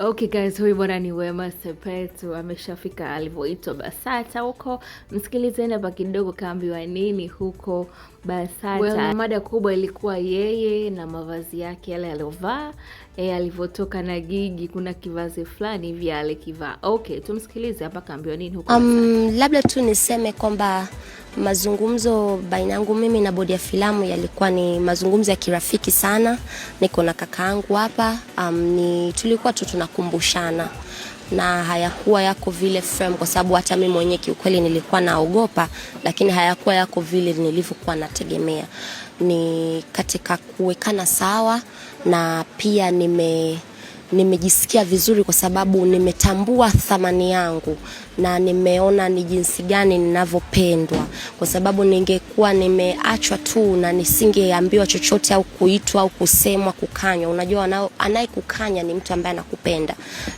Okay guys, huyu bwana ni Wema Sepetu ameshafika alivyoitwa Basata huko. Msikilizeni hapa kidogo, kaambiwa nini huko Basata. Well, mada kubwa ilikuwa yeye na mavazi yake yale aliyovaa, yeye alivyotoka na gigi. Kuna kivazi fulani hivi alikivaa. Okay, tumsikilize hapa kaambiwa nini huko. Um, labda tu niseme kwamba Mazungumzo baina yangu mimi na bodi ya filamu yalikuwa ni mazungumzo ya kirafiki sana. Niko na kakaangu hapa um, ni tulikuwa tu tunakumbushana na hayakuwa yako vile firm, kwa sababu hata mimi mwenyewe kiukweli nilikuwa naogopa, lakini hayakuwa yako vile nilivyokuwa nategemea. Ni katika kuwekana sawa, na pia nime nimejisikia vizuri kwa sababu nimetambua thamani yangu na nimeona ni jinsi gani ninavyopendwa, kwa sababu ningekuwa nimeachwa tu na nisingeambiwa chochote au kuitwa au kusemwa, kukanywa. Unajua, anayekukanya ni mtu ambaye anakupenda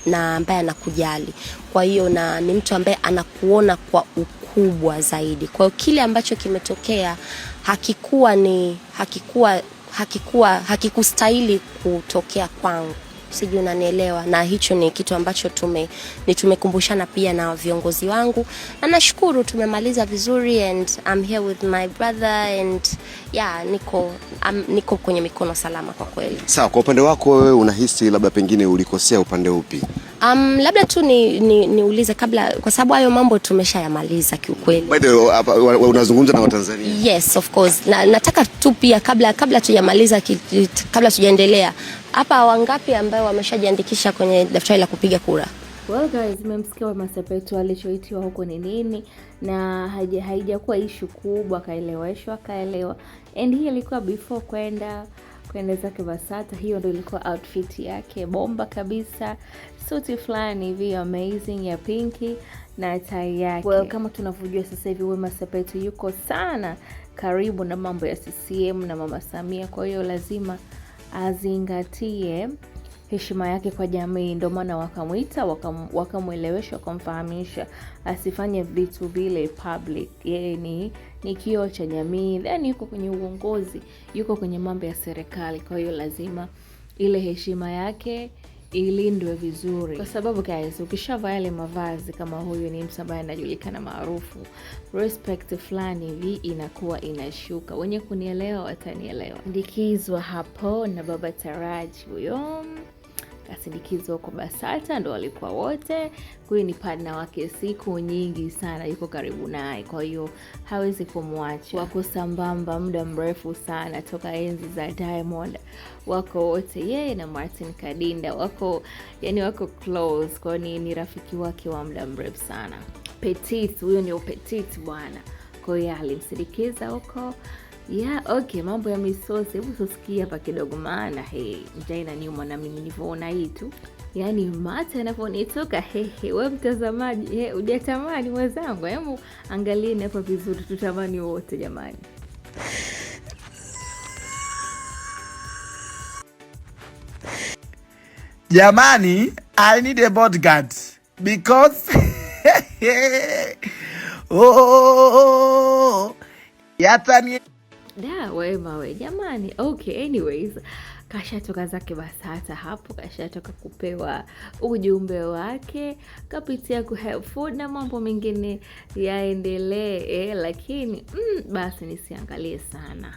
na ambaye anakujali, kwa hiyo na ni mtu ambaye anakuona kwa ukubwa zaidi. Kwa hiyo kile ambacho kimetokea hakikuwa ni hakikuwa hakikuwa hakikustahili kutokea kwangu sijui unanielewa, na hicho ni kitu ambacho tume ni tumekumbushana pia na viongozi wangu, na nashukuru tumemaliza vizuri and I'm here with my brother and yeah, niko um, niko kwenye mikono salama kwa kweli. Sawa, kwa upande wako wewe unahisi labda pengine ulikosea upande upi? Um, labda tu ni, ni, niulize kabla kwa sababu hayo mambo tumeshayamaliza kiukweli. By the way, unazungumza na Watanzania? Yes, of course. Na, nataka tu pia kabla kabla tujamaliza kabla tujaendelea hapa, wangapi ambao wameshajiandikisha kwenye daftari la kupiga kura? Well guys, mmemsikia Wamasa Petu alichoitiwa huko ni nini, na haijakuwa ishu kubwa, akaeleweshwa kaelewa and hii ilikuwa before kwenda kwenda zake Basata. Hiyo ndio ilikuwa outfit yake bomba kabisa, suti fulani hivi amazing ya pinki na tai yake. Well, kama tunavyojua sasa hivi Wema Sepetu yuko sana karibu na mambo ya CCM na Mama Samia, kwa hiyo lazima azingatie heshima yake kwa jamii, ndio maana wakamwita, wakamwelewesha, waka wakamfahamisha asifanye vitu vile public. Yeye ni ni kio cha jamii, then yuko kwenye uongozi, yuko kwenye mambo ya serikali, kwa hiyo lazima ile heshima yake ilindwe vizuri, kwa sababu guys, ukishavaa yale mavazi kama huyu ni mtu ambaye anajulikana maarufu, respect fulani hivi inakuwa inashuka. Wenye kunielewa watanielewa. Ndikizwa hapo na Baba Taraji huyo akasindikizwa kwa BASATA ndo walikuwa wote. Huyu ni partner wake siku nyingi sana, yuko karibu naye, kwa hiyo hawezi kumwacha. Wako sambamba muda mrefu sana, toka enzi za Diamond wako wote, yeye na Martin Kadinda wako yani, wako close, kwa ni, ni rafiki wake wa muda mrefu sana. Petit, huyo ni Petit bwana, kwa hiyo alimsindikiza huko Yeah, okay, mambo ya misosi, hebu sosikia hapa kidogo, maana hey, njaa inaniuma mimi nilivyoona hii tu, yaani mate yanaponitoka. Hey, we mtazamaji, ujatamani mwenzangu? Hebu angalie hapa vizuri, tutamani wote jamani. Jamani, I need a bodyguard because oh, yatani da Wema we jamani, okay, anyways kashatoka zake BASATA hapo, kashatoka kupewa ujumbe wake, kapitia ku help food na mambo mengine yaendelee eh, lakini mm, basi nisiangalie sana,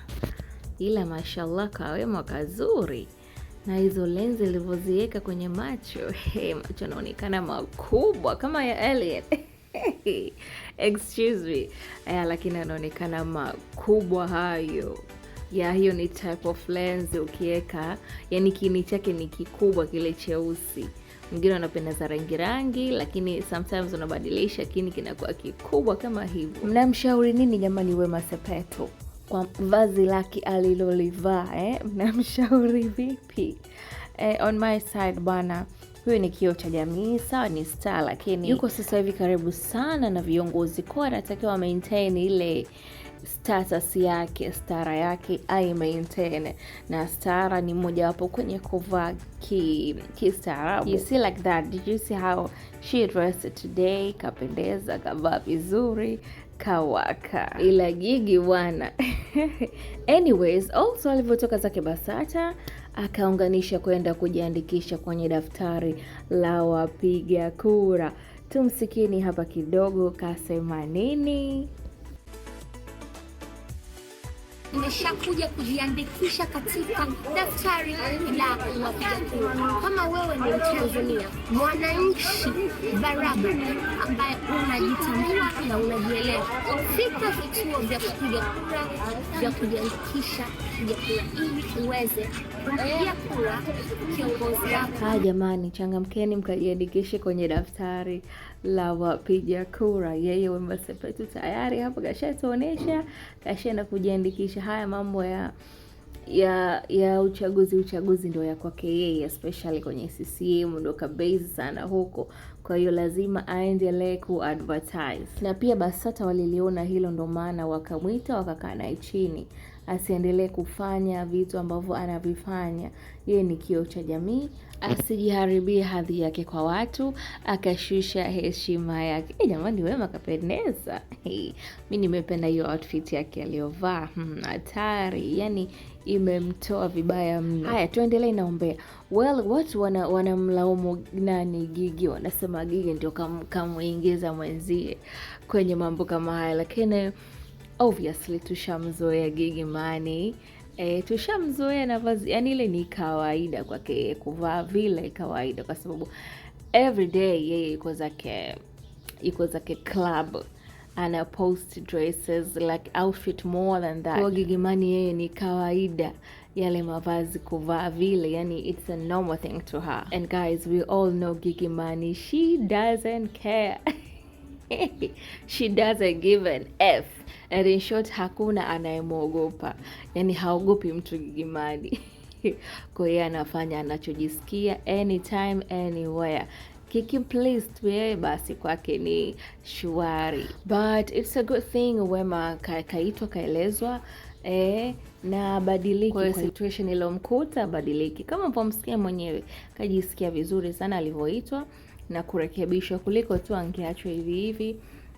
ila mashallah kawema kazuri na hizo lenzi ilivyoziweka kwenye macho hey, macho anaonekana makubwa kama ya excuse me eh, lakini anaonekana makubwa hayo ya hiyo ni type of lens ukiweka, yani kini chake ni kikubwa kile cheusi. Mwingine wanapenda za rangi rangi, lakini sometimes unabadilisha kini kinakuwa kikubwa kama hivyo. Mnamshauri nini jamani Wema sepeto kwa vazi lake alilolivaa eh? Mnamshauri vipi eh? On my side bana huyu ni kio cha jamii sawa, ni star, lakini yuko sasa hivi karibu sana na viongozi, kwa anatakiwa maintain ile status yake, stara yake ai maintain, na stara ni mojawapo kwenye kuvaa kistaarabu. You see like that, did you see how she dressed today? Kapendeza, kavaa vizuri kawaka ila gigi bwana. Anyways, also alivyotoka zake BASATA akaunganisha kwenda kujiandikisha kwenye daftari la wapiga kura. Tumsikini hapa kidogo kasema nini nimeshakuja kujiandikisha katika daftari la wapiga kura. Kama wewe ni Mtanzania mwananchi baraka ambaye unajitambua na unajielewa, fika vituo vya kupiga kura vya kujiandikisha kupiga kura ili uweze kupiga kura kiongozi wako. Jamani, changamkeni mkajiandikishe kwenye daftari la wapiga kura. Yeye Wema Sepetu tayari hapo kashatuonesha, kashaenda kujiandikisha. Haya mambo ya ya ya uchaguzi uchaguzi ndio ya kwake yeye, especially kwenye CCM ndio kabase sana huko. Kwa hiyo lazima aendelee advertise. na pia BASATA waliliona hilo, ndo maana wakamwita wakakaa naye chini asiendelee kufanya vitu ambavyo anavifanya. Yeye ni kioo cha jamii, asijiharibie hadhi yake kwa watu, akashusha heshima yake. E, jamani, Wema kapendeza. Hey, mi nimependa hiyo outfit yake aliyovaa hmm, hatari. Hmm, yani imemtoa vibaya mno. Haya, tuendelee naombea. Well, watu wanamlaumu wana nani Gigi, wanasema magigi ndio kamwingiza mwenzie kwenye mambo kama haya, lakini obviously tushamzoea Gigy Money. E, tushamzoea na vazi, yani ile ni kawaida kwake kuvaa vile, kawaida kwa sababu everyday yeye iko zake iko zake club ana post dresses like outfit more than that. Kwa Gigimani yeye ni kawaida yale mavazi kuvaa vile, yani it's a normal thing to her. And guys, we all know Gigimani, she doesn't care. she doesn't give an F. And in short, hakuna anayemwogopa, yani haogopi mtu Gigimani. Kwa hiyo anafanya anachojisikia anytime anywhere kiki pleased yeye basi kwake ni shuari, but it's a good thing. Wema kaitwa kaelezwa E, na badiliki kwa situation iliyomkuta badiliki, kama mpomsikia mwenyewe, kajisikia vizuri sana alivyoitwa na kurekebishwa kuliko tu angeachwa hivi hivi.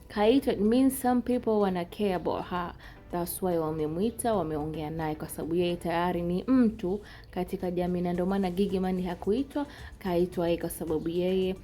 Kaitwa, it means some people wana care about her. Taswai wamemwita, wameongea naye, kwa sababu yeye tayari ni mtu katika jamii, na ndio maana Giggman hakuitwa, kaitwa yeye, kwa sababu yeye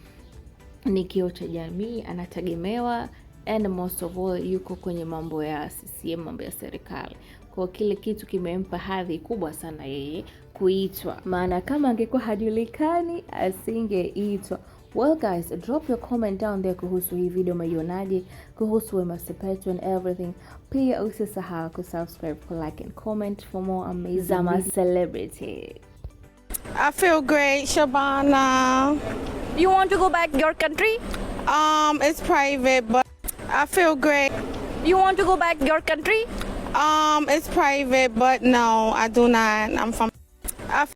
ni kio cha jamii, anategemewa and most of all yuko kwenye mambo ya CCM, mambo ya serikali. Kwa kile kitu kimempa hadhi kubwa sana yeye kuitwa, maana kama angekuwa hajulikani asingeitwa. Well guys, drop your comment down there kuhusu hii video umeionaje, kuhusu Wema Sepetu and everything. Pia usisahau kusubscribe, like and comment for more amazing Zama celebrity. I feel great, Shabana. You want to go back your country? Um, it's private, but I feel great. You want to go back your country? Um, it's private, but no, I do not. I'm from